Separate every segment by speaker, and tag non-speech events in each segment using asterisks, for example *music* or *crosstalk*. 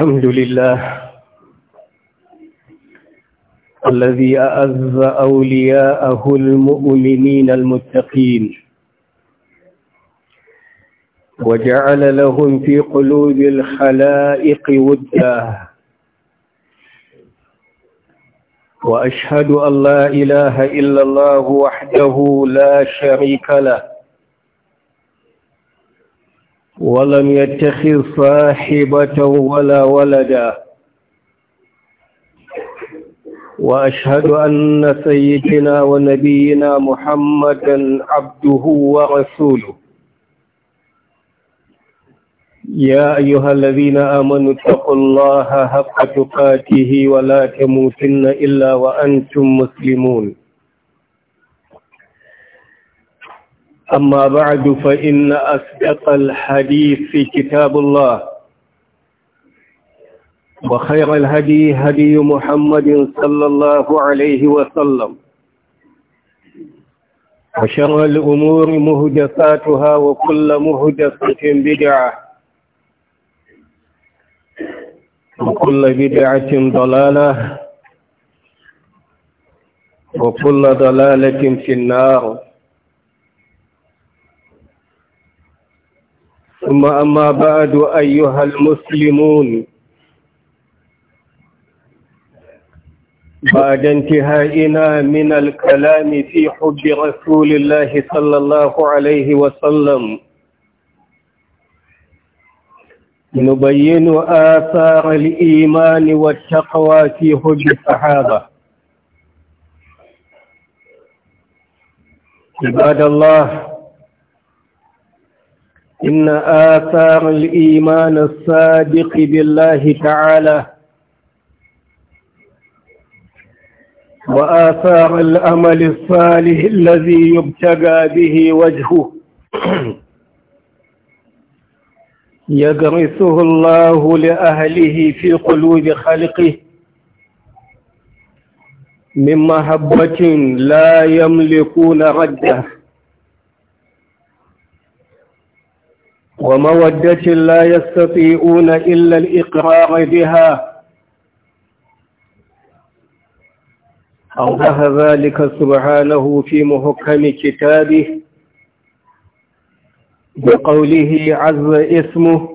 Speaker 1: الحمد لله الذي أعز أولياءه المؤمنين المتقين وجعل لهم في قلوب الخلائق ودا وأشهد أن لا إله إلا الله وحده لا شريك له ولم يتخذ صاحبة ولا ولدا وأشهد أن سيدنا ونبينا محمدا عبده ورسوله يا أيها الذين آمنوا اتقوا الله حق تقاته ولا تموتن إلا وأنتم مسلمون أما بعد فإن أصدق الحديث في كتاب الله وخير الهدي هدي محمد صلى الله عليه وسلم وشر الأمور مهدساتها وكل مهدسة بدعة وكل بدعة ضلالة وكل ضلالة في النار ثم أما بعد أيها المسلمون بعد انتهائنا من الكلام في حب رسول الله صلى الله عليه وسلم نبين آثار الإيمان والتقوى في حب الصحابة عباد الله إن آثار الإيمان الصادق بالله تعالى وآثار الأمل الصالح الذي يبتغى به وجهه *clears throat* يغرسه الله لأهله في قلوب خلقه من محبة لا يملكون رده ومودة لا يستطيعون إلا الإقرار بها أوضح ذلك سبحانه في محكم كتابه بقوله عز اسمه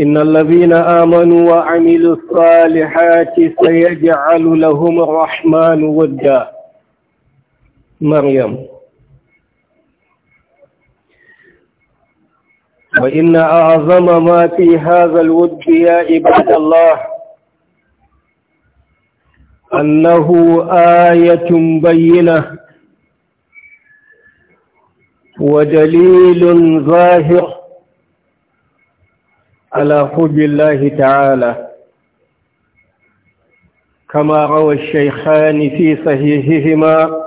Speaker 1: إن الذين آمنوا وعملوا الصالحات سيجعل لهم الرحمن ودا مريم وإن أعظم ما في هذا الود يا عباد الله أنه آية بينة ودليل ظاهر على حب الله تعالى كما روى الشيخان في صحيحهما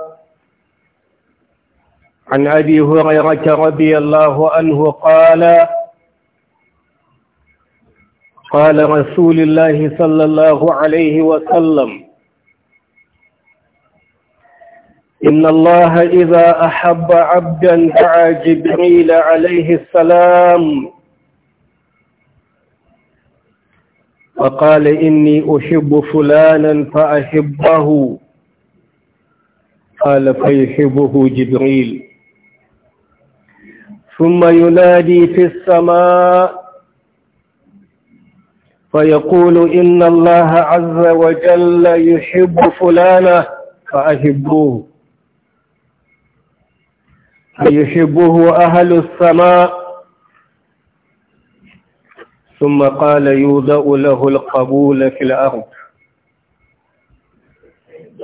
Speaker 1: عن أبي هريرة رضي الله عنه قال قال رسول الله صلى الله عليه وسلم إن الله إذا أحب عبدا دعا جبريل عليه السلام فقال إني أحب فلانا فأحبه قال فيحبه جبريل ثم ينادي في السماء فيقول إن الله عز وجل يحب فلانا فأحبوه فيحبه أهل السماء ثم قال يوضأ له القبول في الأرض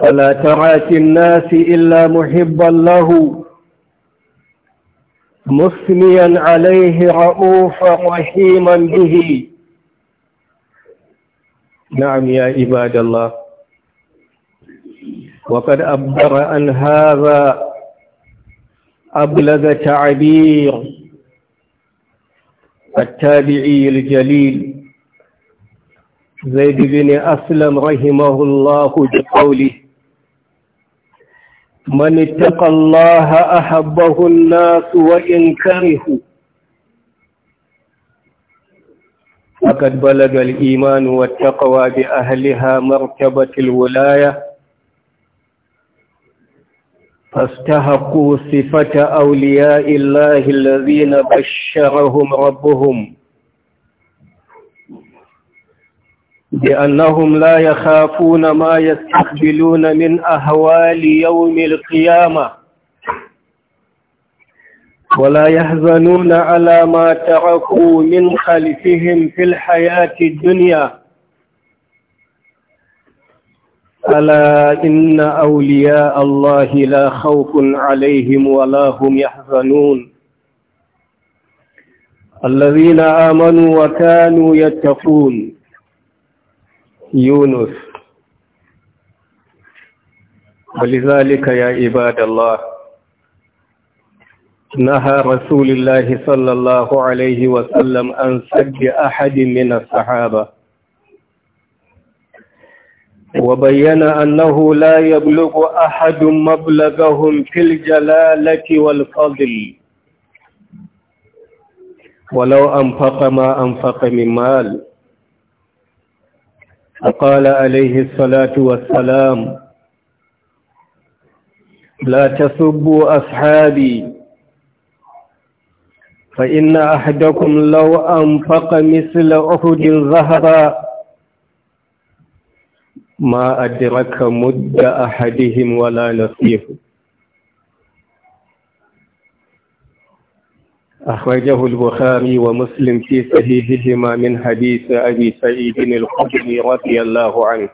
Speaker 1: فلا ترى الناس إلا محبا له مثنيا عليه رؤوفا رحيما به نعم يا عباد الله وقد أبدر عن هذا أبلغ تعبير التابعي الجليل زيد بن أسلم رحمه الله بقوله من اتقى الله أحبه الناس وإن كرهوا فقد بلغ الإيمان والتقوى بأهلها مرتبة الولاية فاستحقوا صفة أولياء الله الذين بشرهم ربهم بأنهم لا يخافون ما يستقبلون من أهوال يوم القيامة ولا يحزنون على ما تركوا من خلفهم في الحياة الدنيا ألا إن أولياء الله لا خوف عليهم ولا هم يحزنون الذين آمنوا وكانوا يتقون يونس ولذلك يا عباد الله نهى رسول الله صلى الله عليه وسلم عن سد أحد من الصحابة وبين أنه لا يبلغ أحد مبلغهم في الجلالة والفضل ولو أنفق ما أنفق من مال فقال عليه الصلاة والسلام لا تسبوا أصحابي فإن أحدكم لو أنفق مثل أحد ذهبا ما أدرك مد أحدهم ولا نصيفه أخرجه البخاري ومسلم في صحيحهما من حديث أبي سعيد الخدري رضي الله عنه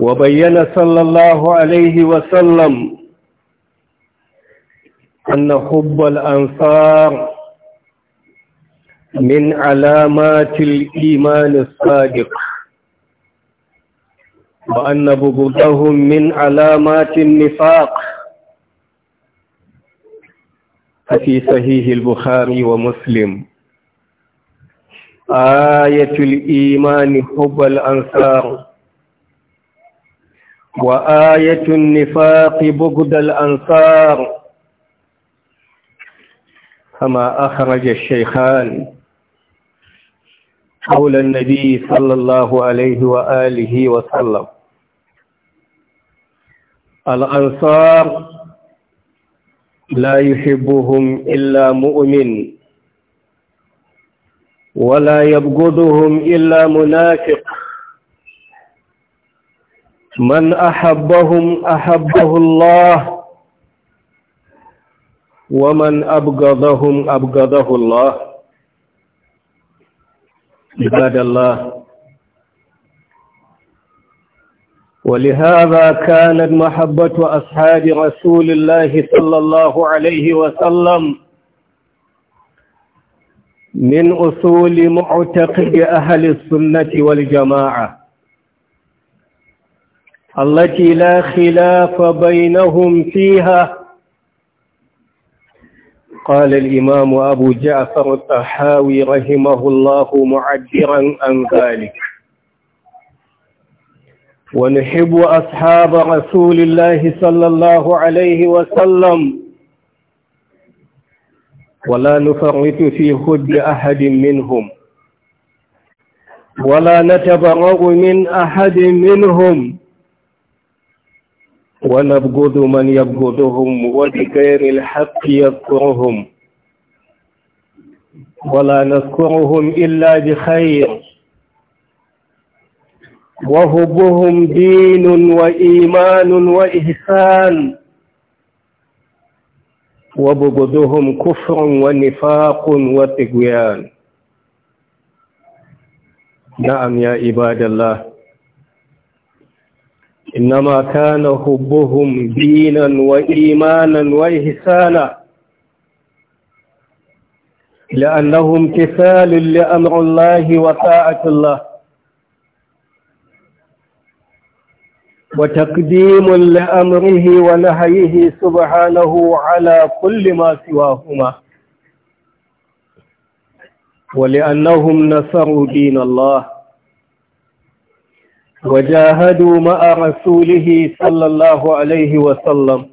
Speaker 1: وبين صلى الله عليه وسلم أن حب الأنصار من علامات الإيمان الصادق وأن بغضهم من علامات النفاق
Speaker 2: ففي صحيح
Speaker 1: البخاري ومسلم آية الإيمان حب الأنصار وآية النفاق بغد الأنصار كما أخرج الشيخان قول النبي صلى الله عليه وآله وسلم الأنصار لا يحبهم إلا مؤمن ولا يبغضهم إلا منافق من أحبهم أحبه الله ومن أبغضهم أبغضه الله عباد الله ولهذا كانت محبة أصحاب رسول الله صلى الله عليه وسلم من أصول معتقد أهل السنة والجماعة التي لا خلاف بينهم فيها قال الإمام أبو جعفر الطحاوي رحمه الله معبرا عن ذلك ونحب أصحاب رسول الله صلى الله عليه وسلم ولا نفرط في خد أحد منهم ولا نتبرأ من أحد منهم ونبغض من يبغضهم وبغير الحق يذكرهم ولا نذكرهم إلا بخير وهبهم دين وإيمان وإحسان وبغضهم كفر ونفاق وطغيان نعم يا عباد الله إنما كان حبهم دينا وإيمانا وإحسانا لأنهم امتثال لأمر الله وطاعة الله وتقديم لأمره ونهيه سبحانه على كل ما سواهما ولأنهم نصروا دين الله وجاهدوا مع رسوله صلى الله عليه وسلم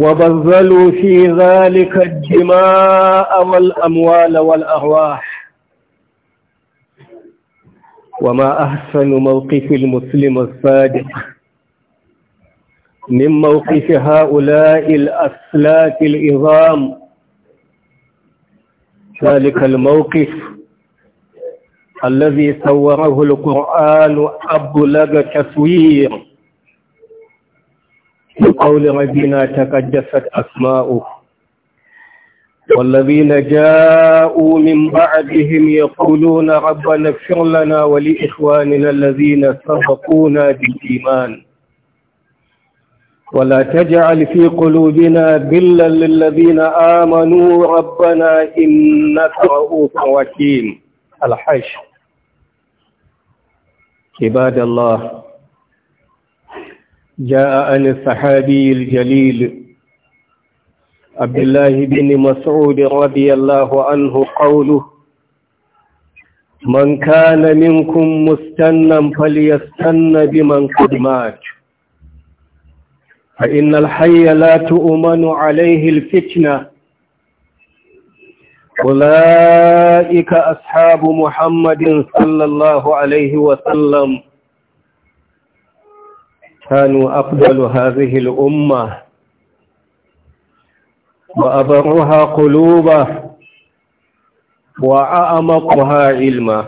Speaker 1: وبذلوا في ذلك الدماء والأموال والأرواح وما أحسن موقف المسلم الصادق من موقف هؤلاء الأسلاك العظام ذلك الموقف الذي صوره القرآن أبلغ تصوير بقول ربنا تقدست أسماؤه والذين جاءوا من بعدهم يقولون ربنا اغفر لنا ولإخواننا الذين سبقونا بالإيمان ولا تجعل في قلوبنا بلا للذين آمنوا ربنا إنك رؤوف رحيم الحج عباد الله جاء عن الصحابي الجليل عبد الله بن مسعود رضي الله عنه قوله من كان منكم مستنا فليستن بمن قد مات فإن الحي لا تؤمن عليه الفتنة أولئك أصحاب محمد صلى الله عليه وسلم كانوا أفضل هذه الأمة وأبرها قلوبه وأعمقها علما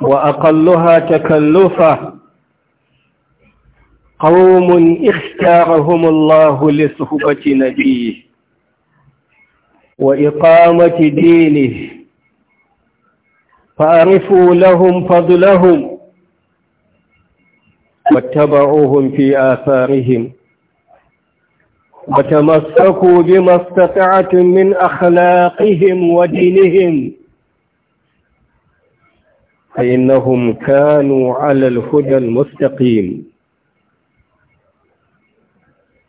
Speaker 1: وأقلها تكلفا قوم اختارهم الله لصحبة نبيه وإقامة دينه فأرفوا لهم فضلهم واتبعوهم في آثارهم وتمسكوا بما استطعتم من أخلاقهم ودينهم فإنهم كانوا على الهدى المستقيم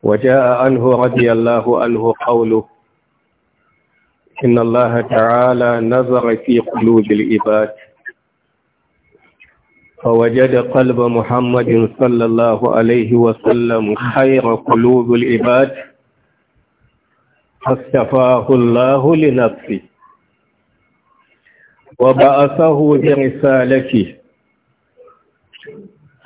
Speaker 1: وجاء عنه رضي الله عنه قوله إن الله تعالى نظر في قلوب العباد فوجد قلب محمد صلى الله عليه وسلم خير قلوب العباد فاصطفاه الله لنفسه وبعثه برسالته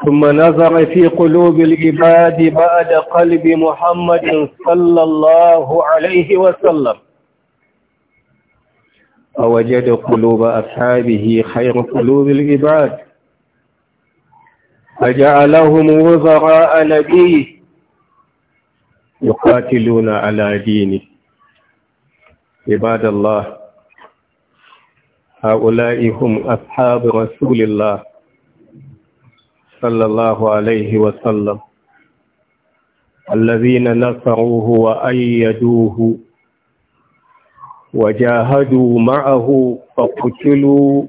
Speaker 1: ثم نظر في قلوب العباد بعد قلب محمد صلى الله عليه وسلم فوجد قلوب أصحابه خير قلوب العباد فجعلهم وزراء نبيه يقاتلون على دينه عباد الله هؤلاء هم أصحاب رسول الله صلى الله عليه وسلم الذين نصروه وأيدوه وجاهدوا معه فقتلوا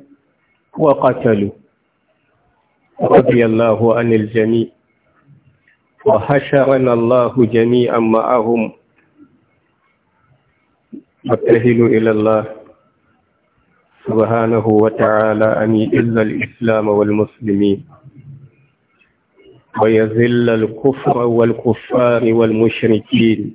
Speaker 1: وقتلوا رضي الله عن الجميع وحشرنا الله جميعا معهم وتهل إلى الله سبحانه وتعالى أن يعز الإسلام والمسلمين ويذل الكفر والكفار والمشركين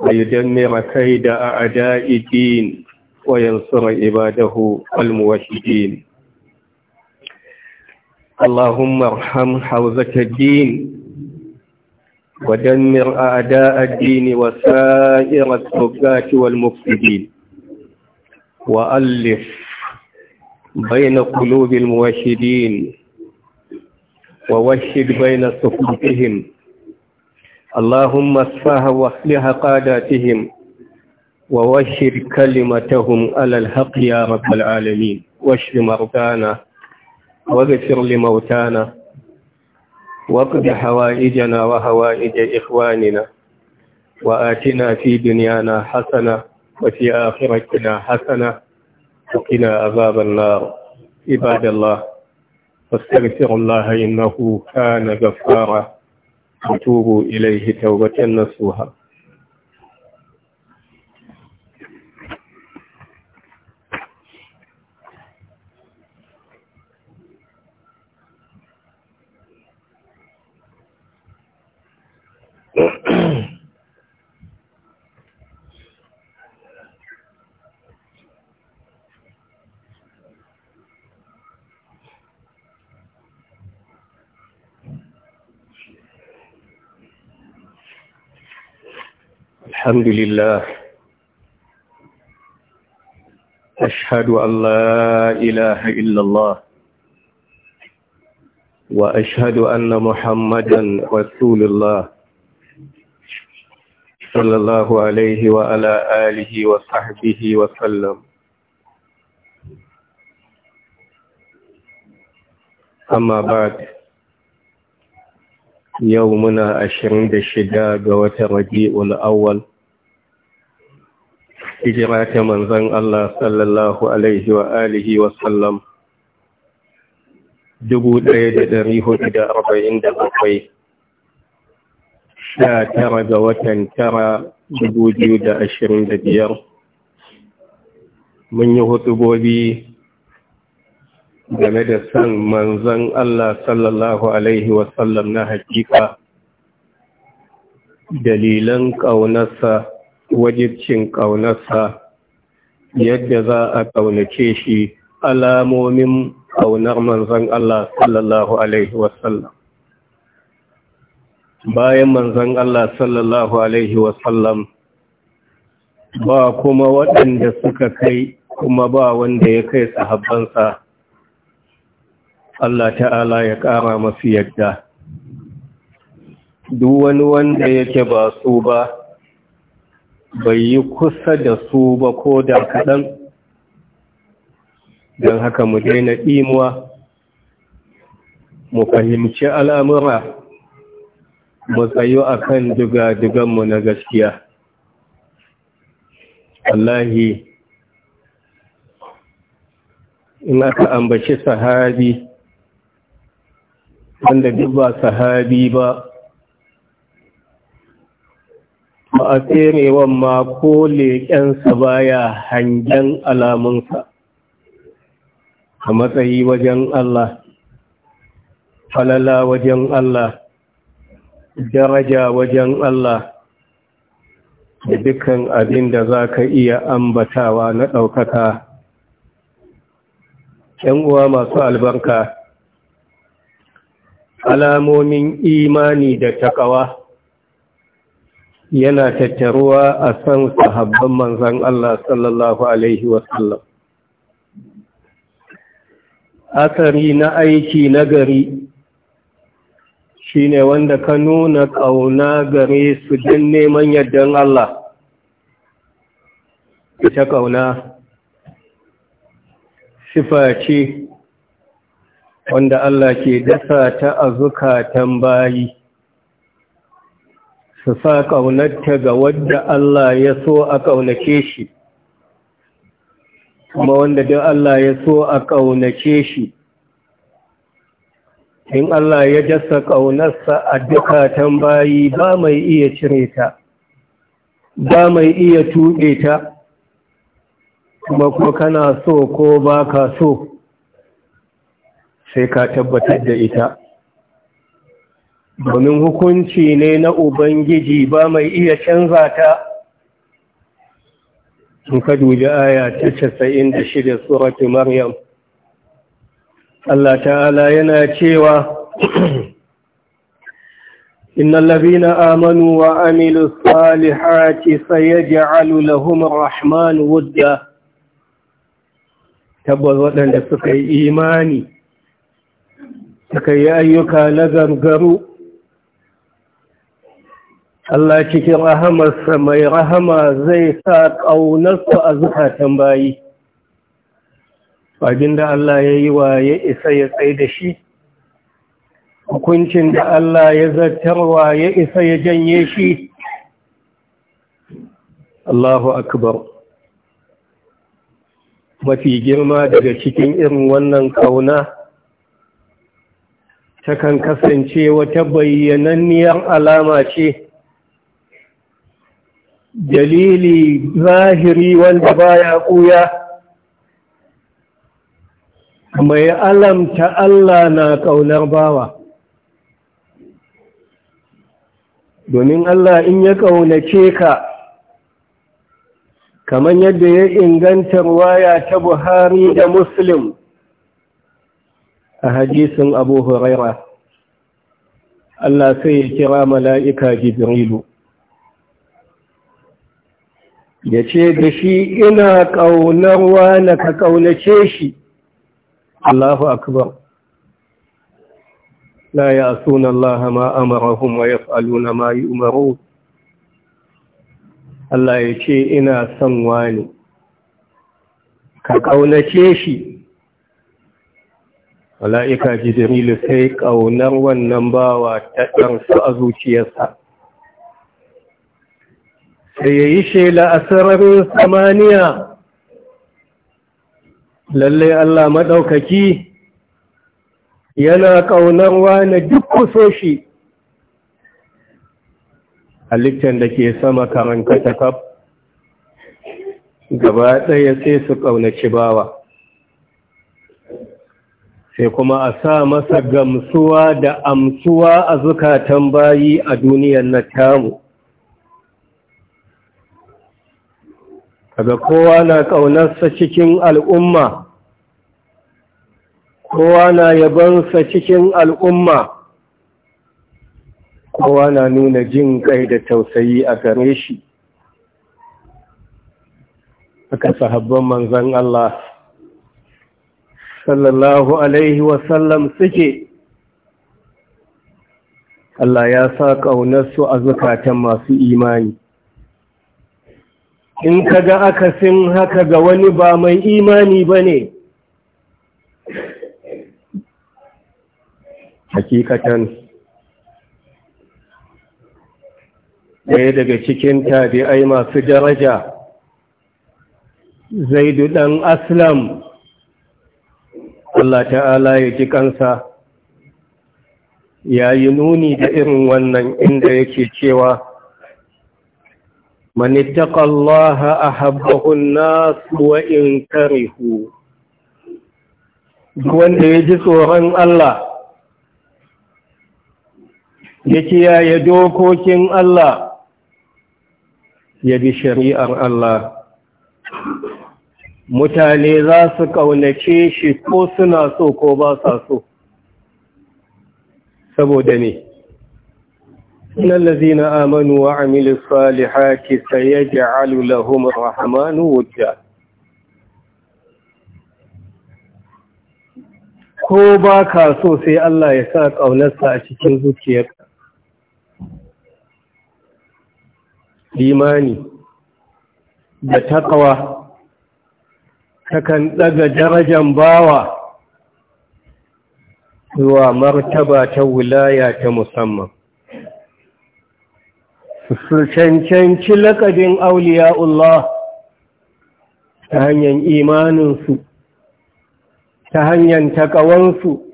Speaker 1: ويدمر كيد أعداء الدين وينصر عباده الموحدين اللهم ارحم حوزة الدين ودمر أعداء الدين وسائر الثبات والمفسدين وألف بين قلوب الموحدين ووحد بين صفوفهم اللهم اصفها واصلح قاداتهم ووحد كلمتهم على الحق يا رب العالمين واشف مرضانا واغفر لموتانا واقض حوائجنا وحوائج إخواننا وآتنا في دنيانا حسنة وفي آخرتنا حسنة وقنا عذاب النار عباد الله واستغفر الله إنه كان غفارا وتوبوا إليه توبة نصوحا الحمد لله أشهد أن لا إله إلا الله وأشهد أن محمدا رسول الله صلى الله عليه وعلى آله وصحبه وسلم أما بعد yau muna ashirin da shida ga watan rabi'ul awwal hijira ta manzon Allah sallallahu alaihi wa alihi wa sallam dubu ɗaya da ɗari hudu da arba'in da bakwai sha tara ga watan tara dubu biyu da ashirin da biyar mun yi hutubobi game da san manzan Allah sallallahu Alaihi wasallam na hakika dalilan ƙaunarsa wajibcin ƙaunarsa yadda za a ƙaunace shi alamomin ƙaunar manzan Allah sallallahu Alaihi wasallam bayan manzan Allah sallallahu Alaihi wasallam ba kuma waɗanda suka kai kuma ba wanda ya kai sahabbansa Allah ta'ala ya ƙara masu yadda duk wani wanda yake ba su ba bai yi kusa da su ba ko da kaɗan don haka mu daina ɗimuwa mu fahimci al'amura mu tsayo a kan dugaduganmu na gaskiya Allahi in aka ambaci sahabi wanda duk ba sahabi ba ba a tserewan ma ko leƙensa baya hangen alamunsa a matsayi wajen Allah falala wajen Allah daraja wajen Allah da dukkan abin da za ka iya ambatawa na ɗaukaka ‘yan uwa masu albarka alamomin imani da takawa yana tattaruwa a san sahabban manzan Allah sallallahu Alaihi wasallam. Asari na aiki na gari shi ne wanda ka nuna ƙauna gare su don neman yardan Allah. Ita ƙauna, sifa ce wanda Allah ke dasa ta a zukatan bayi su sa ƙaunarta ga wadda Allah ya so a ƙaunace shi kuma wanda duk Allah ya so a ƙaunace shi in Allah ya dasa ƙaunarsa a dukatan bayi ba mai iya cire ta ba mai iya tuɗe ta kuma kuma kana so ko ba ka so sai ka tabbatar da ita domin hukunci ne na ubangiji ba mai iya canza ta in ka duji aya ta casa'in da shida suratu maryam Allah ta'ala yana cewa إن amanu wa وعملوا salihati سيجعل لهم lahum ودا تبوز ودن da suka yi imani suka yi ayyuka na gangaru Allah cikin rahamarsa mai rahama zai sa ƙaunarsa a zukatan bayi abin da Allah ya yi wa ya isa ya tsaye da shi hukuncin da Allah ya zartarwa ya isa ya janye shi Allahu akbar mafi girma daga cikin irin wannan ƙauna. takan kasance wata bayyananniyar alama ce dalili zahiri wanda baya ƙuya mai alamta Allah na ƙaunar bawa domin Allah in ya ƙaunace ka kamar yadda ya ingantar waya ta Buhari da Muslim a hadisin abu huraira Allah sai ya kira mala'ika jibrilu ya ce da shi ina ƙaunarwa na ka ƙaunace shi Allahu akbar la ya suna Allah ma amarahum wa na ma umaru Allah ya ce ina son wani ka ƙaunace shi mala'ika jibrilu sai ƙaunar wannan bawa ta ɗansu a zuciyarsa sai ya yi shela a sararin samaniya lallai Allah maɗaukaki yana ƙaunar na duk kusoshi halittar da ke sama karanta ta kaf gaba ɗaya sai su ƙaunaci bawa sai kuma a sa masa gamsuwa da amsuwa a zukatan bayi a duniyar na tamu kaga kowa na ƙaunarsa cikin al'umma kowa na yabansa cikin al'umma kowa na nuna jin ƙai da tausayi a gare shi aka sahabban manzan Allah sallallahu alaihi wasallam suke Allah ya sa ƙaunarsu a zukatan masu imani in kaga akasin haka ga wani ba mai imani ba ne hakikatan ɗaya daga cikin tabi'ai masu daraja zaidu ɗan aslam Allah ta'ala ya ji kansa ya yi nuni da irin wannan inda yake cewa man Allah a an nasu wa in karihu wanda ya ji tsoron Allah ya kiyaye dokokin Allah ya bi shari'ar Allah mutane za su ƙaunace shi ko suna so ko ba sa so saboda ne inna allazina amanu wa amilus salihati sayaj'alu lahum ar-rahmanu wujja ko ba ka so sai Allah ya sa ƙaunarsa a cikin zuciyarka. Limani da takawa takan ɗaga darajan bawa zuwa martaba ta wilaya ta musamman su cancanci lakabin auliya'ullah ta hanyar imaninsu ta hanyar takawansu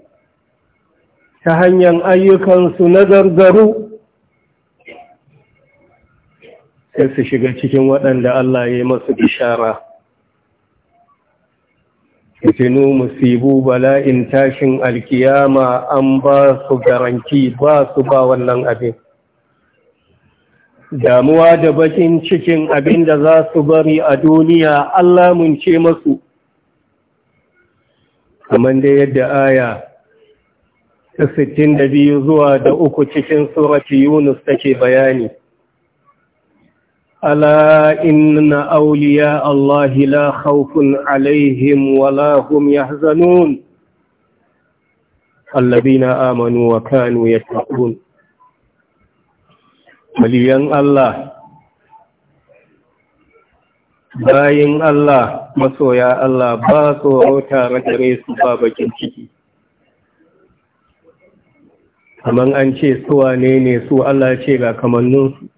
Speaker 1: ta hanyar ayyukansu na gargaru sai su shiga cikin waɗanda Allah ya yi masu bishara fitinu musibu bala'in tashin alkiyama an ba su garanti ba su ba wannan abin damuwa da bakin cikin abin da za su bari a duniya Allah mun ce masu kamar da yadda aya ta biyu zuwa da uku cikin surati Yunus take bayani ألا إن أولياء الله لا خوف عليهم ولا هم يحزنون الذين آمنوا وكانوا يتقون مليان الله bayin Allah masoya Allah ba tsoro tare da su ba bakin ciki Kaman an ce suwa ne ne su Allah ce ga kamanninsu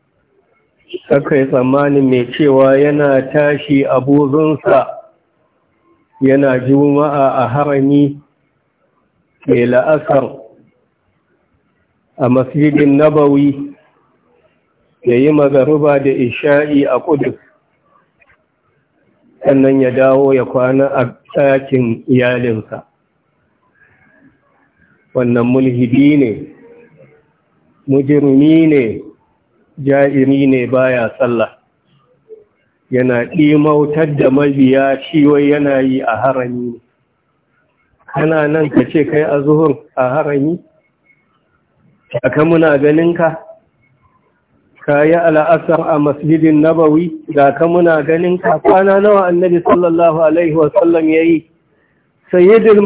Speaker 1: kakai tsammanin mai cewa yana tashi a buzunsa yana juma'a a harami mai la'asar a masjidin nabawi ya yi magaruba da isha'i a kudu sannan ya dawo ya kwana a tsakin iyalinsa wannan mulhidi ne mujirmi ne ja'iri ne baya sallah yana ɗimautar da mabiya ciwo yana yi a harami ne kana nan ka ce kai a zuhun a harami aka muna ganinka ka yi al'asar a masjidin nabawi da ka muna ganinka kwana nawa annabi sallallahu alaihi wasallam ya yi sayyidul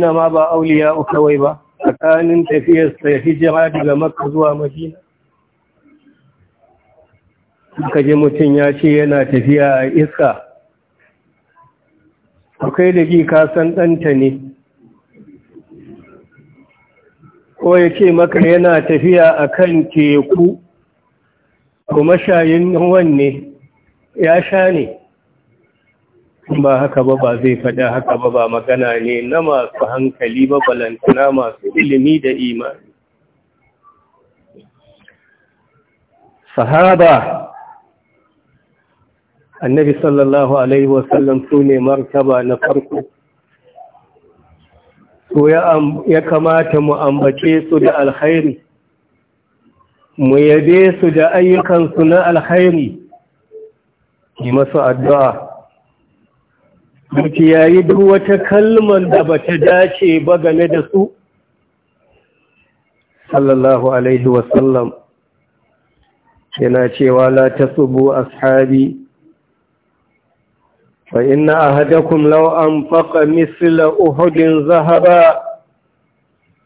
Speaker 1: na ma ba auliya kawai ba tsakanin tafiyarsa hijira daga maka zuwa madina Ka ji mutum ya ce yana tafiya a iska akwai da ji kasan ɗanta ne ko ya ce maka yana tafiya a kan teku kuma shayin ruwan ne ya sha ne ba haka ba ba zai faɗa haka ba ba magana ne na masu hankali ba balantana masu ilimi da imani sahaba annabi sallallahu alaihi wasallam su ne martaba na farko so ya kamata mu ambace su da alkhairi mu yabe su da ayyukansu na alkhairi yi masu addu'a Duk yayi duk wata kalmar da ba ta dace ba game da su sallallahu alaihi wasallam yana cewa la tasubu ashabi فإن أهدكم لو أنفق مثل أهد ذهبا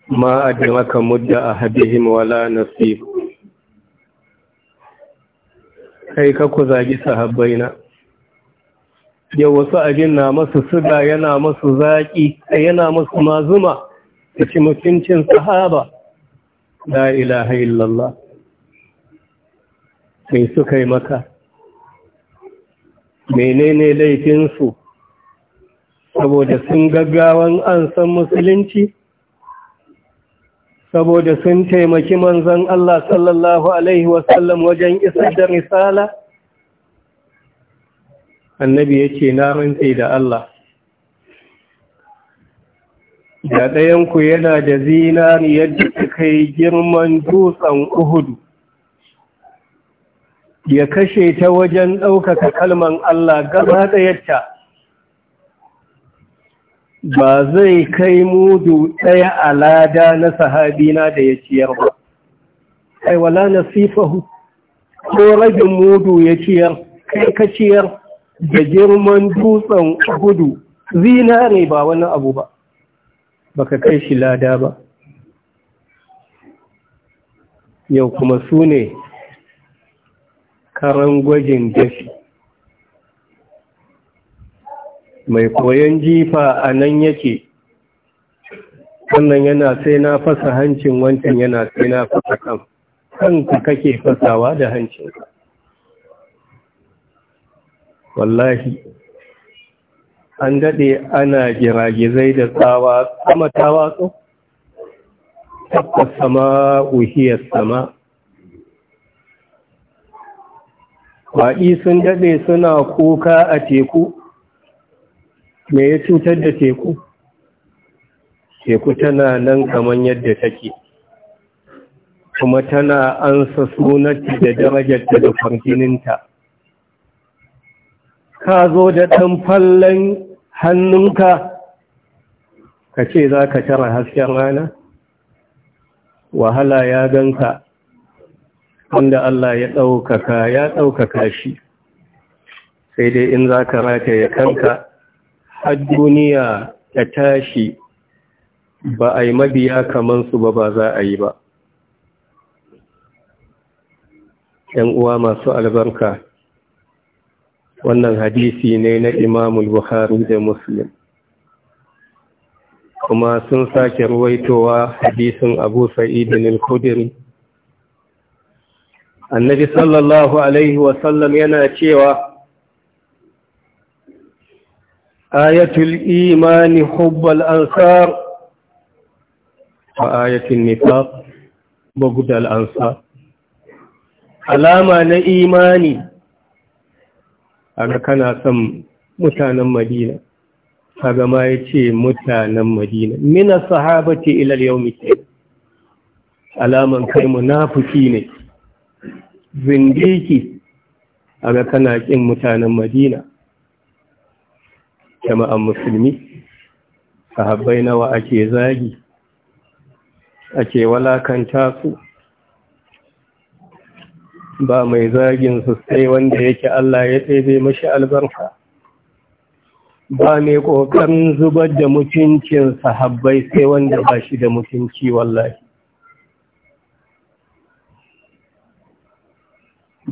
Speaker 1: ما أدرك مد أهدهم ولا نصيب kai ka ku zagi sahabbaina yau wasu abin na masu suga yana masu zaƙi yana masu mazuma da ci mutuncin sahaba la ilaha illallah mai suka yi maka menene laifinsu saboda sun gaggawan an san musulunci saboda sun taimaki manzan Allah sallallahu Alaihi wasallam wajen isar da risala annabi ya ce na rantse da Allah da ɗayanku yana da zinari yadda suka yi girman dutsen uhudu ya kashe ta wajen ɗaukaka kalman Allah gaba ɗayarta ba zai kai mudu ɗaya a lada na sahabina da ya ciyar ba ai wala sifahu, ko rabin mudu ya ciyar kai ka ciyar da girman dutsen gudu zinare ba wani abu ba Ba ka kai shi lada ba yau kuma su ne karan gwajin gashi mai koyon jifa a nan yake wannan yana sai na fasa hancin wancan yana sai na fasa kan kanka kake fasawa da hancinka wallahi an daɗe ana giragizai da tsawa sama ta watsu tabbas sama uhiyar sama kwaɗi sun daɗe suna kuka a teku me ya cutar da teku teku tana nan kamar yadda take kuma tana ansa sunanta da darajarta da kwarjininta ka zo da ɗan fallon hannunka ka ce za ka tara hasken rana wahala ya ganka wanda Allah ya ɗaukaka ya ɗaukaka shi sai dai in za ka rata ya kanka har duniya ta tashi ba a yi mabiya su ba ba za a yi ba ‘yan uwa masu albarka wannan hadisi ne na imamul buhari da muslim kuma sun sake ruwaitowa hadisin abu sa'idin al-kudiri annabi sallallahu alaihi wasallam yana cewa ayatul imani hubbal ansar wa ayatul nifaq bugdal ansar alama na imani aga kana son mutanen madina kaga ma yace mutanen madina mina sahabati ila al-yawmi alaman kai munafiki ne zindiki a kana ƙin mutanen madina jama'an musulmi sahabbai nawa ake zagi ake walakanta su ba mai zagin su sai wanda yake Allah ya tsebe mashi albarka ba mai ƙoƙarin zubar da mutuncin sahabbai sai wanda ba shi da mutunci wallahi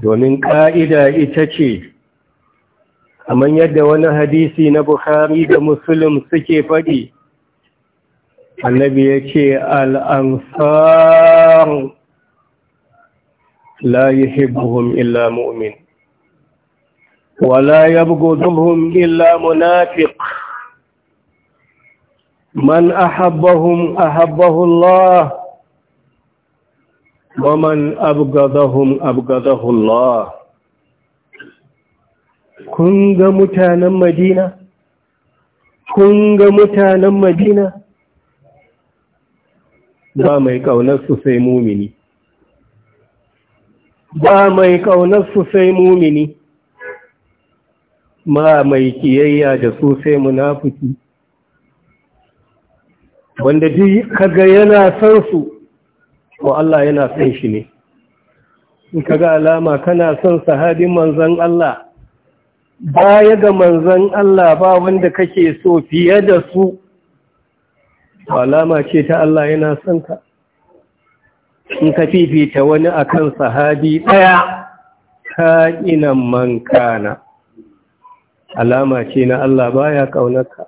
Speaker 1: domin ƙa'ida ita ce kamar yadda wani hadisi na Bukhari da Musulun suke faɗi annabi ya ce al'ansar la yi hibbuhun illa mu'min wala ya buguduhun illa munafiq man ahabbahum ahabbahullah ومن أبغضهم أبغضه الله kun ga مدينة madina kun ga mutanen madina ba mai ƙaunarsu sai mumini ba mai ƙaunarsu sai kiyayya da munafuki. wanda duk kaga yana san su Wa Allah yana son shi ne in ka ga alama kana son sahabin manzan Allah baya ga manzan Allah ba wanda kake so fiye da su alama ce ta Allah yana son ka in ka fifita wani akan sahabi ɗaya ka ina man kana alama ce na Allah baya ƙaunaka.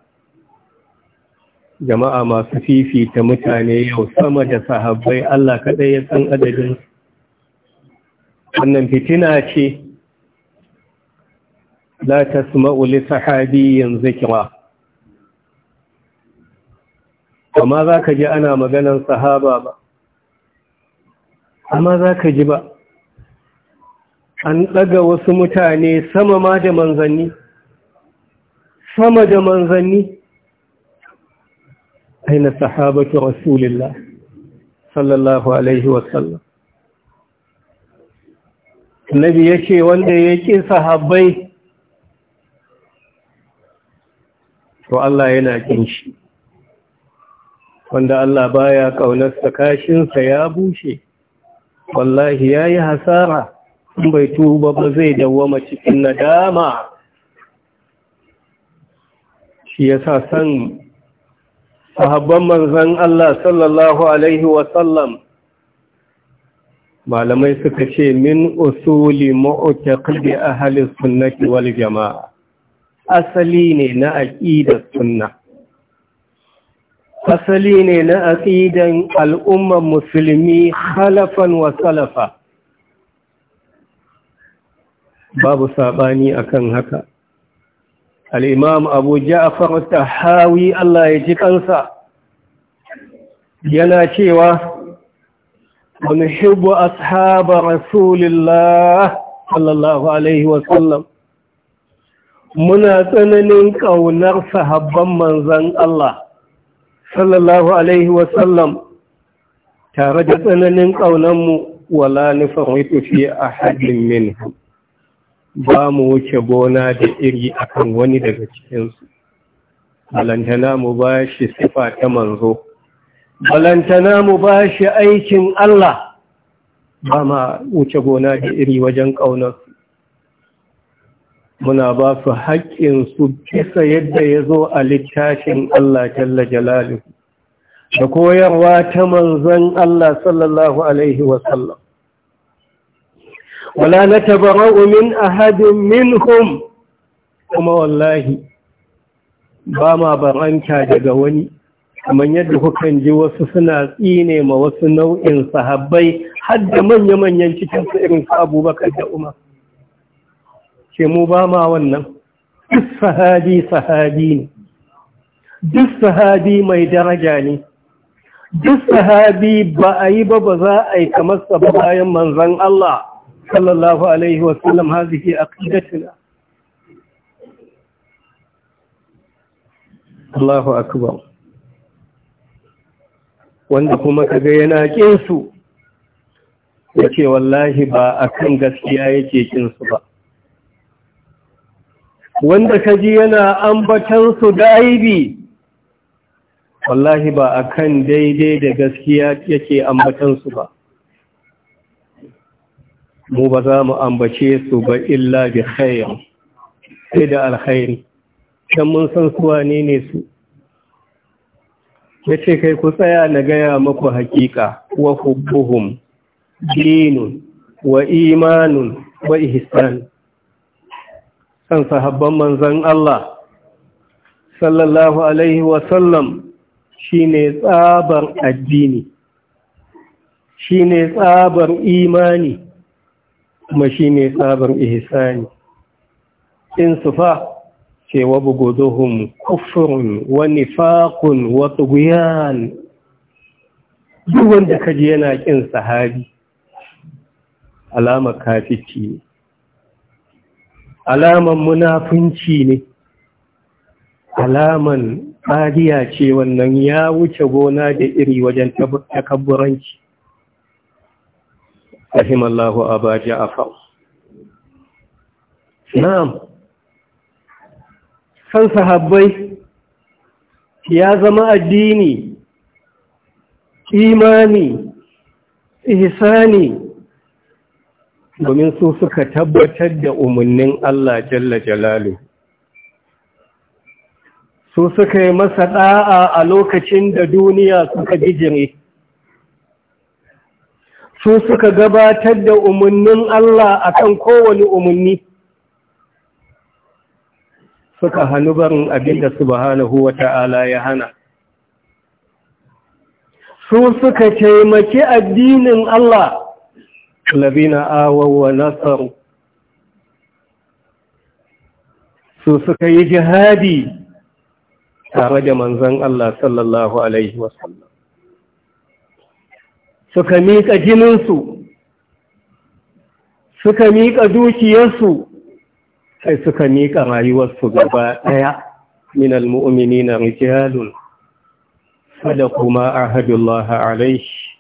Speaker 1: jama'a masu fifita mutane yau sama da sahabbai Allah kaɗai ya san adadin wannan fitina ce la tasma'u sahabi yanzu, zikra amma za ka ji ana maganan sahaba ba amma za ka ji ba an ɗaga wasu mutane sama ma da manzanni sama da manzanni أين صحابة رسول الله صلى الله عليه وسلم النبي يكي وانده يكي صحابي والله يناكين شيء wanda Allah baya kaunarsa kashinsa ya bushe wallahi yayi hasara in bai tuba ba zai dawwama cikin nadama shi yasa san sahabban manzan Allah sallallahu Alaihi wasallam malamai suka ce min usuli ma'utaƙi a halin sunnaki wal jama'a asali ne na aƙidar sunna asali ne na aƙidan al'ummar musulmi halafan wa salafa babu saɓani akan haka al'imam abu ja'afar ta hawi Allah ya ji kansa yana cewa wani hibu ashaba rasulillah sallallahu alaihi wasallam muna tsananin ƙaunar sahabban manzan Allah sallallahu alaihi wasallam tare da tsananin ƙaunanmu wala nufin fi a hajjin minhu ba mu wuce gona da iri akan wani daga cikinsu balantana mu ba shi sifa ta manzo balantana mu ba shi aikin Allah ba ma wuce gona da iri wajen ƙaunarsu muna ba su haƙƙinsu bisa yadda ya zo a littafin Allah jalla jalaluhu da koyarwa ta manzon Allah sallallahu alaihi wasallam wala na tabara'u min ahadin minhum kuma wallahi ba ma baranta daga wani yadda kukan ji wasu suna tsine ma wasu nau'in sahabbai har da manya-manyan cikin su irin su abubakar da umar ce mu ba ma wannan duk sahabi sahabi ne duk sahabi mai daraja ne duk sahabi ba a yi ba ba za a yi kamar sa bayan manzan Allah صلى الله عليه وسلم هذه عقيدتنا الله أكبر wanda kuma kaga yana kinsu ya ce wallahi ba a gaskiya yake kinsu ba wanda kaji yana ambatansu da wallahi ba akan daidai da gaskiya yake ambatansu ba mu ba za mu ambace su ba illa bi khair sai da alkhairi dan mun san su wane ne su yace kai ku tsaya na gaya maku hakika wa hubbuhum dinun wa imanun wa ihsan san sahabban manzon Allah sallallahu alaihi wa sallam shine tsabar addini shine tsabar imani kuma shi ne sabon ihisani in su fa ce wa buguduhum kufrun wani nifaqun wata guyan. duk wanda kaji yana ƙin sahabi alama kafici ne alaman munafunci ne alaman ƙariya ce wannan ya wuce gona da iri wajen takabburanci رحم الله ابا جعفر نعم san sahabbai ya zama addini imani ihsani domin su suka tabbatar da umarnin Allah jalla jalalu su suka yi masa da'a a lokacin da duniya suka jijire. su suka gabatar da umarnin Allah a kan kowane umarni suka hannu barin abinda subhanahu wa ta'ala ya hana su suka taimaki addinin Allah labina awawa nasaru su suka yi jihadi tare da manzan Allah sallallahu Alaihi wasallam suka miƙa jininsu suka miƙa dukiyarsu sai suka miƙa rayuwarsu gaba ɗaya minal mu'umini na rijalun kuma a hajjullaha a rai shi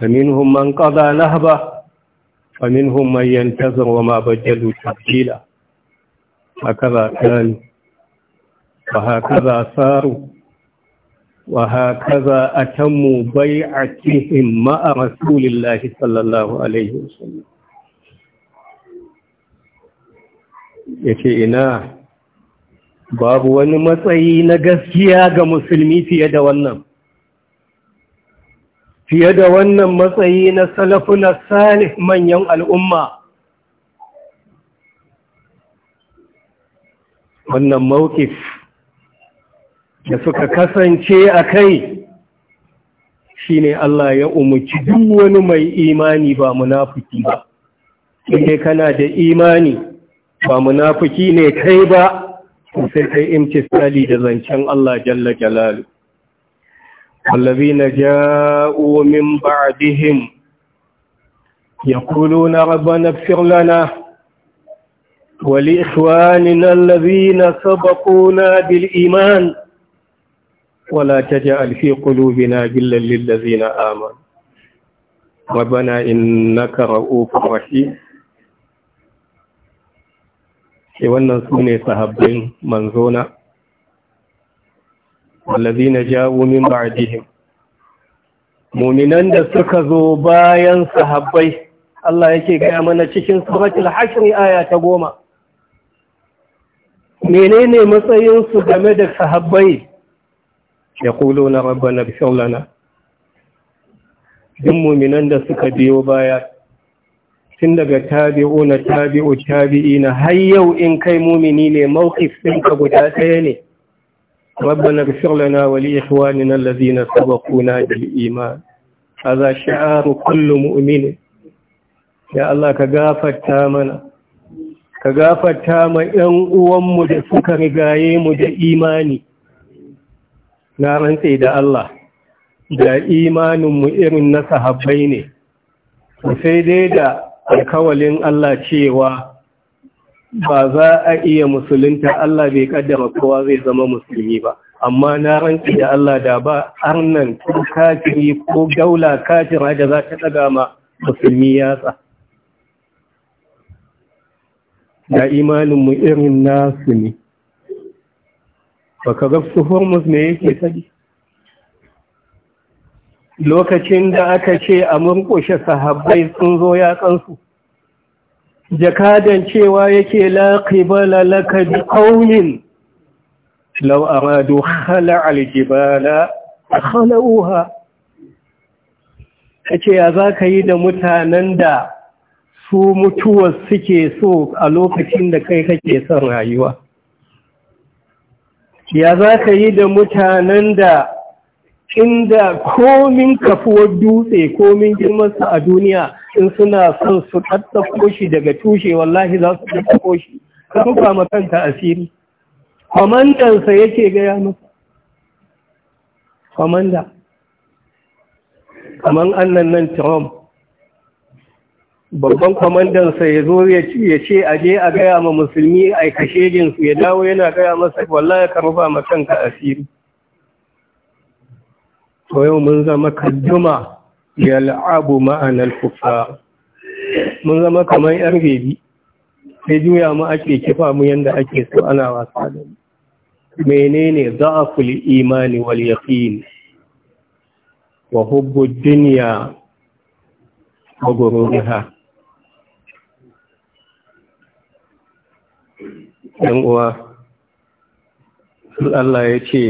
Speaker 1: kamin hunman ƙaga lahaba kamin hunman yantazar wa mabajjalu tafila a kaza ƙirani ba haka za tsaro وهكذا أتموا بيعتهم مع رسول الله صلى الله عليه وسلم yace ina babu wani matsayi na gaskiya ga musulmi fiye da wannan fiye da wannan matsayi na salafun salih manyan al'umma wannan mawkif da suka kasance a kai shi ne Allah ya umarci duk wani mai imani ba munafuki ba inda kana da imani ba munafuki ne kai ba sai kai imtisali da zancen Allah jalla jalalu والذين na من بعدهم يقولون ربنا na لنا ولإخواننا الذين bil بالإيمان ولا تجعل في قلوبنا غلا للذين آمنوا ربنا إنك رؤوف رحيم wannan su ne sahabbin manzona wallazina jawo min ba'dihim muminan da suka zo bayan sahabbai Allah yake ga mana cikin suratul hashr aya ta 10 menene matsayin su game da sahabbai يقولون ربنا اغفر لنا duk muminan da suka biyo baya tun daga tabi'una tabi'u tabi'ina har yau in kai mumini ne mawqif ka guda ɗaya ne ربنا اغفر لنا ولإخواننا الذين سبقونا بالإيمان هذا شعار كل مؤمن يا الله كغافرتا منا كغافرتا ما ƴan uwanmu da suka rigaye mu da imani na rantse da Allah da imaninmu irin na sahabbai ne sai dai da alkawalin Allah cewa ba za a iya musulunta Allah bai kaddara kowa zai zama musulmi ba amma na rantsi da Allah da ba arnan ko kafiri ko gaula kafira da za ta daga ma musulmi yatsa da imaninmu irin nasu ne baka ga su hormuz me yake faɗi lokacin da aka ce a murƙushe sahabbai sun zo yaƙansu jakadan cewa yake laƙibala laka bi ƙaunin lau aradu hala aljibala khala'uha kace ya za ka yi da mutanen da su mutuwar suke so a lokacin da kai kake son rayuwa ya za ka yi da mutanen da inda komin kafuwar dutse komin girmansa a duniya in suna son su ɗaɗɗafo shi daga tushe wallahi za su ɗaɗɗafo shi ka rufa makanta asiri kwamandansa yake gaya masa kwamanda kamar annan nan trump babban kwamandan kwamandansa ya zo ya ce a je a gaya ma musulmi a kashe jinsu ya dawo yana gaya masa wallahi ka rufa ma kanka asiri to yau mun zama kadduma la'abu ma'anar kufa mun zama kamar yan bebi sai juya mu ake kifa mu yanda ake so ana wasa da mu menene za'aful imani wal yaqin wa hubbu dunya wa gururiha ‘yan uwa, Allah ya ce,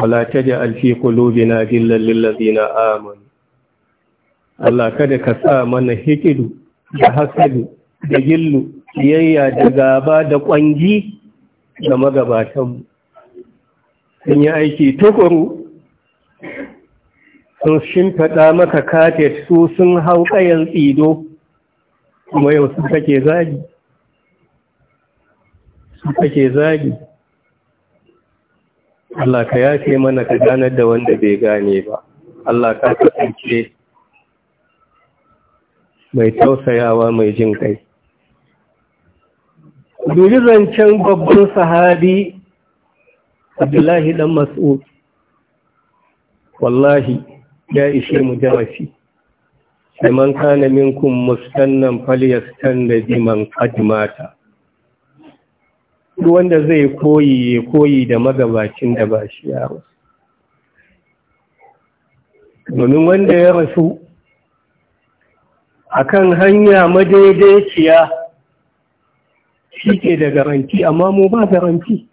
Speaker 1: Wala ta ji alfi kulubina lillazi na amin. Allah kada ka sa mana hikidu da hasali da gillu, yayya da gaba da ƙwangi da magabatanmu. Sun yi aiki tukuru, sun shimfaɗa maka katet su sun hau ƙayan tsido, kuma yau sun kake zagi. ake zagi Allah ka yafe mana ka ganar da wanda bai gane ba Allah ka kasance mai tausayawa mai jin kai Duri zancen babban sahabi Abdullahi dan Mas'ud wallahi ya ishe mu Sai man kana minkum mustannan falyastan da diman qadmata wanda zai koyi ya koyi da magabacin da ba shi ya rasu domin wanda ya rasu akan hanya madaidaiciya shi ke da garanti amma mu ba garanti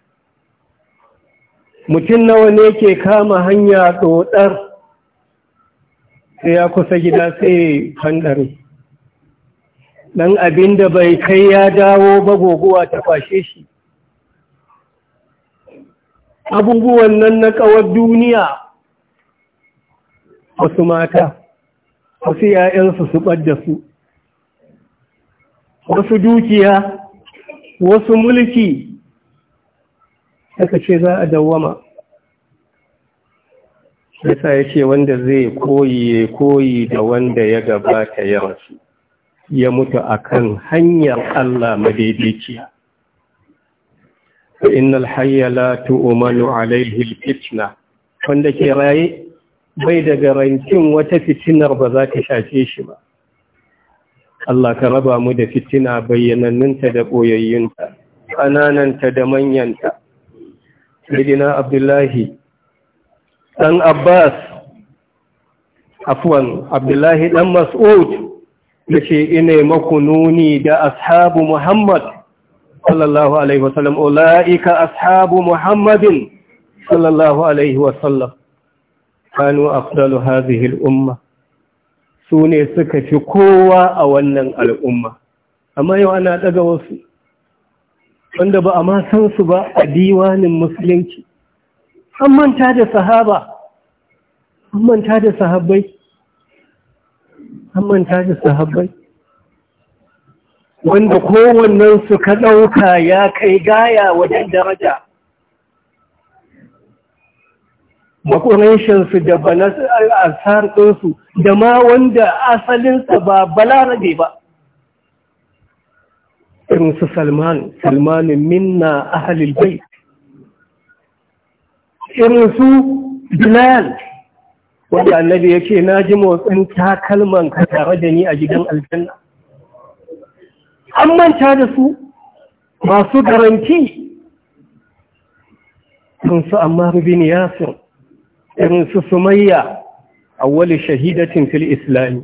Speaker 1: mutum nawa ne ke kama hanya tsotsar sai ya kusa gida sai fandare dan abin da bai kai ya dawo ba goguwa ta fashe shi abubuwan nan na ƙawar duniya wasu mata wasu ‘ya'yansu su ɓadda su wasu dukiya wasu mulki aka ce za a dawama yasa ya ce wanda zai koyi koyi da wanda ya gabata ya rasu ya mutu akan hanyar Allah madaidaiciya innal الحي Umaru, تؤمن عليه الفتنة wanda ke raye bai daga rankin wata fitinar ba za ta shafe shi ba Allah ka raba mu da fitina bayyanannunta da boyayyunta ƙanananta da manyanta Sayyidina Abdullahi ɗan Abbas afwan Abdullahi ɗan Mas'ud yace ina makununi da ashabu Muhammad صلى الله عليه وسلم أولئك أصحاب محمد صلى الله عليه وسلم كانوا أفضل هذه الأمة سوني سكة كوة أولا الأمة أما يو أنا أتقوصي wanda ba a ma san su ba a diwanin musulunci an manta da sahaba an manta da sahabbai an manta da sahabbai wanda kowannen su ka ɗauka ya kai gaya wajen daraja makonancinsu da al'asar ɗinsu da ma wanda asalinsa ba balarabe ba irin su salman salmanin minna ahalil bai irin su bilal wanda annabi yake na ji motsin takalman ka tare da ni a gidan aljanna an manta da su masu garanti sun su amma bin yasir irin su sumayya wali shahidatin fil islami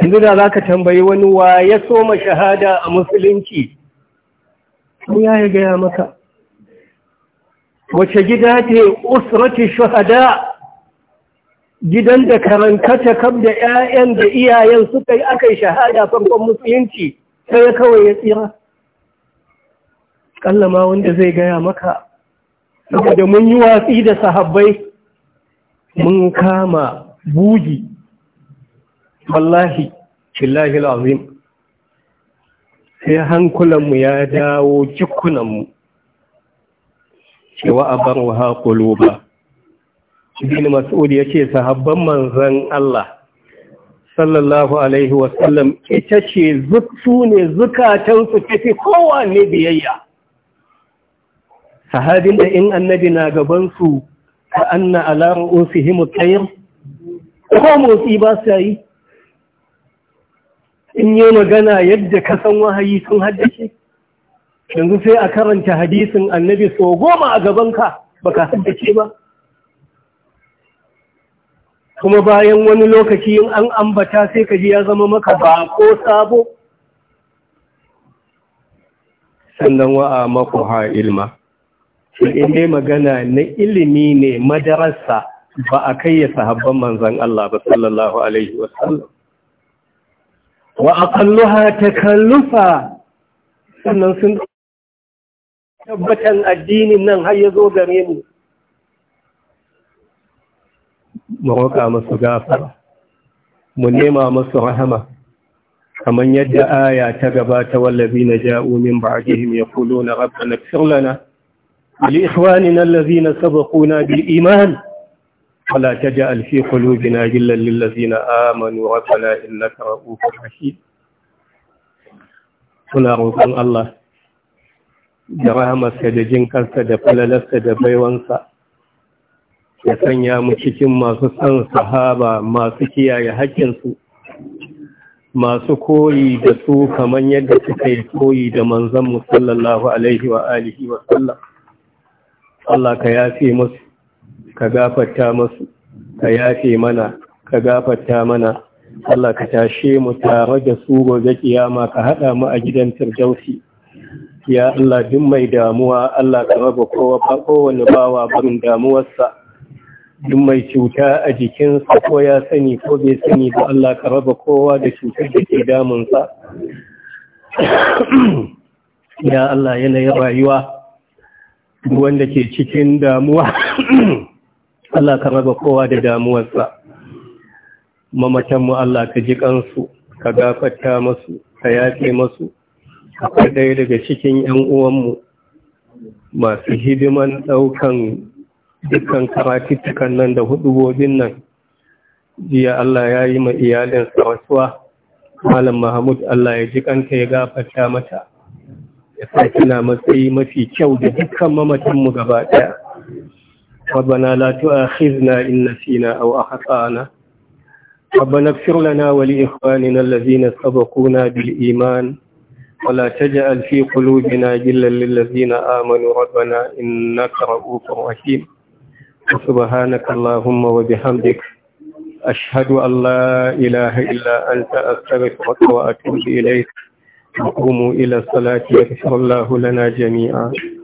Speaker 1: yanzu da za ka tambayi wani wa ya soma shahada a musulunci sun ya gaya maka wace gida ce usrati shahada? gidan da karankata kam da 'ya'yan da iyayen suka yi aka yi shahada farkon musulunci sai kawai ya tsira kalla ma wanda zai gaya maka Da mun yi watsi da sahabbai mun kama bugi wallahi billahi alazim sai hankulanmu ya dawo jikunanmu cewa a bar wa haƙulu ba masu'udu ya ce, sahabban manzon Allah sallallahu alaihi wasallam ita ce su ne zukatansu tafi kowanne biyayya sahabin da in annabi na gabansu ka anna alarar ru'usihim himu ko motsi ba su yi in yi magana yadda ka san wahayi sun haddace yanzu sai a karanta hadisin annabi so goma a gabanka baka haddace ba kuma bayan wani lokaci in an ambata sai ka ji ya zama maka ba ko sabo sannan wa'a mako ha ilma in dai magana na ilimi ne madarasa ba a kai ya sahabban manzan Allah ba sallallahu alaihi wasallam wa ta kallufa sannan sun tabbatan addinin nan har ya zo gare mu mu roƙa masu gafara mu nema masu rahama kamar yadda aya ta gabata wallazi na ja'u min ba'dihim yaquluna rabbana ighfir lana li ikhwanina allazina sabaquna bil iman wala ولا تجعل في قلوبنا غلا للذين امنوا ربنا innaka رؤوف rahim kuna roƙon Allah da rahamarsa da jinkarsa da falalarsa da baiwansa ya sanya mu cikin masu san sahaba masu kiyaye haƙƙinsu masu koyi da su kamar yadda suka yi koyi da manzanmu sallallahu alaihi wa alihi wa sallam Allah ka yafe musu ka gafarta musu ka yafe mana ka gafarta mana Allah ka tashe mu tare da su gobe kiyama ka haɗa mu a gidan firdausi ya Allah duk mai damuwa Allah ka raba kowa bawa barin damuwarsa duk mai cuta a jikinsa ko ya sani ko bai sani ba Allah ka raba kowa da cutar da ke damunsa ya Allah yanayin rayuwa wanda ke cikin damuwa Allah ka raba kowa da damuwarsa mamatanmu Allah ka ji kansu ka gafata masu ka yafe masu ka ɗaya daga cikin ‘yan uwanmu masu hidiman ɗaukan dukkan karatittukan nan da hudu gobin nan jiya Allah ya yi ma iyalin rasuwa. malam mahamud Allah ya ji kanta ya gafata mata ya sa na matsayi mafi kyau da dukkan mamatanmu gaba daya rabbana a tu'akhizna in nasina aw na rabbana wali lana na li ikhwanina alladhina sabaquna bil iman na تجعل في na جلا للذين ina ربنا إنك رؤوف رحيم سبحانك اللهم وبحمدك أشهد أن لا إله إلا أنت أستغفرك وأتوب إليك قوموا إلى الصلاة يغفر الله لنا جميعا